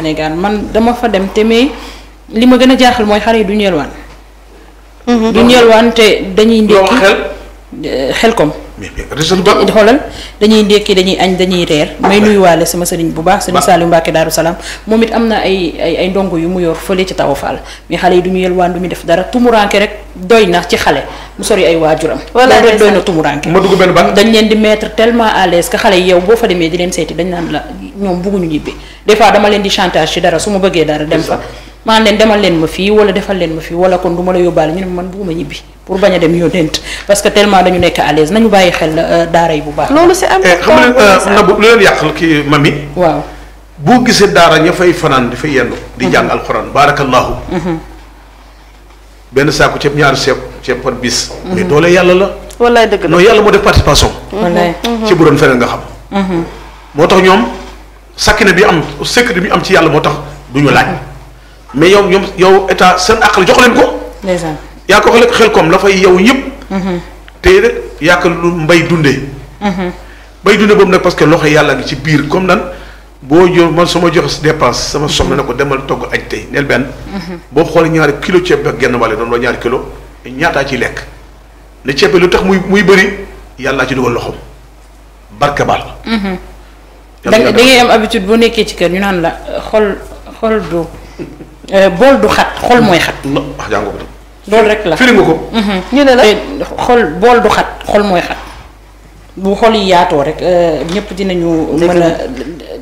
Sénégal man dama fa dem te mais li ma gën a jaaxal mooy xale yi du ñeelwaan mhm. du ñeelwaan te dañuy ndékki xel euh, xel mais mais xoolal dañuy ndekki dañuy añ dañuy reer. may nuyuwaale sama sëriñ bu baax. saal Saliou Mbacke Daaru Salaam moom it am na ay ay ay ndongo yu mu yor fële ci Tawa Fall mais xale yi du ñu yelwaan du ñu def dara tumuranke rek doy na ci xale mu sori ay waajuram. walaay rek doy na tumuranke. ma dañ leen di mettre tellement à l'aise xale yi yow boo fa demee di leen seeti dañ naan la ñoom bugguñu ñibbi des fois dama leen di chantage ci dara su ma bëggee dara dem fa maa leen demal leen ma fii wala defal leen ma fii wala kon du ma la yóbbaale ñu ne man bugguma ñibbi pour bañ a dem yónneent parce que tellement dañu nekk à l'aise nañu bàyyi xel euh, daara yi bu baax. loolu si am eh, xam nga euh, nabu lu leen yàqal kii mami. waaw boo gisee daara ña fay fanaan dafay yendu. di mhm. jàng alxuraan baarakallahu. Mhm. benn saako ceeb ñaari ceeb ceeb par bis. Mhm. mais doole yàlla la. wallaay dëgg la non yàlla moo def participation. wallaay ci bu doon feneen nga xam. moo tax ñoom sakkine bi am sécurité bi am ci yàlla moo tax du ñu mais yow ñoom yow état seen yaa ko ëllëg xel koom la fay yow yëpp. Mhm. tey rek yàq lu mbay dundee. mbay mhm. dundee boobu nag parce que loxo yàlla ngi ci biir comme nan boo jo man sama joxe dépense sama soxla na ko demal togg añ tey neel benn. Mhm. boo xoolee ñaari kilo ceeb bi ak genn wàll doon wala ñaari kilo ñaataa ciy lekk ne ceeb bi lu tax muy muy bëri yàllaa ci dugal loxoom barke baal. da ngay am habitude boo nekkee ci kër ñu naan la eh, xol xol du eh, bool du xat xol mooy xat. Ah, loolu rek la firi nga ko. Mhm. ñu ne la eh, xol bool du xat xol mooy xat bu xol yi yaatoo rek euh, ñëpp dinañu. mën a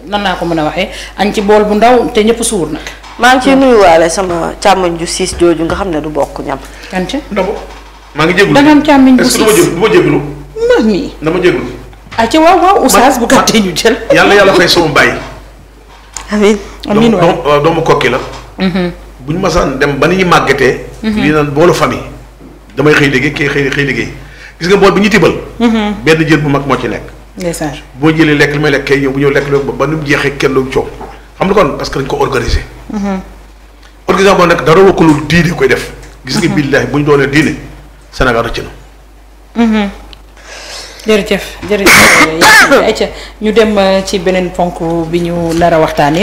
nan naa ko mën a waxee añ ci bool bu ndaw te ñëpp suur nag. maa ngi ciy hmm. nuyuwaale sama càmmoñ ju siis jooju nga xam ne du bokk ñam. kan ci maa ngi jégalu da nga am càmmoñ bu siis est-ce du ma jégalu ma mi dama jégalu. ah ci waaw waaw oustaz bu gàttee ñu jël. yàlla yàlla fay sama bàyyi. amiin amiin doomu kokki la. Mhm. bu ñu masaan dem ba ni ñu màggatee. Mhm. lii naan boolu famille damay xëy liggéey kii xëy xëy liggéey gis nga bool bi ñu tibbal. Mhm. benn jën bu mag moo ci nekk. ndeysaan boo jëlee lekk li may lekk kay ñëw bu ñëw lekk loolu ba nu mu jeexee kenn mhm. diine koy def. gis nga billaahi bu ñu doonee diine Sénégal rëcc na. ñu dem euh, ci beneen ponk bi ñu nar a waxtaanee.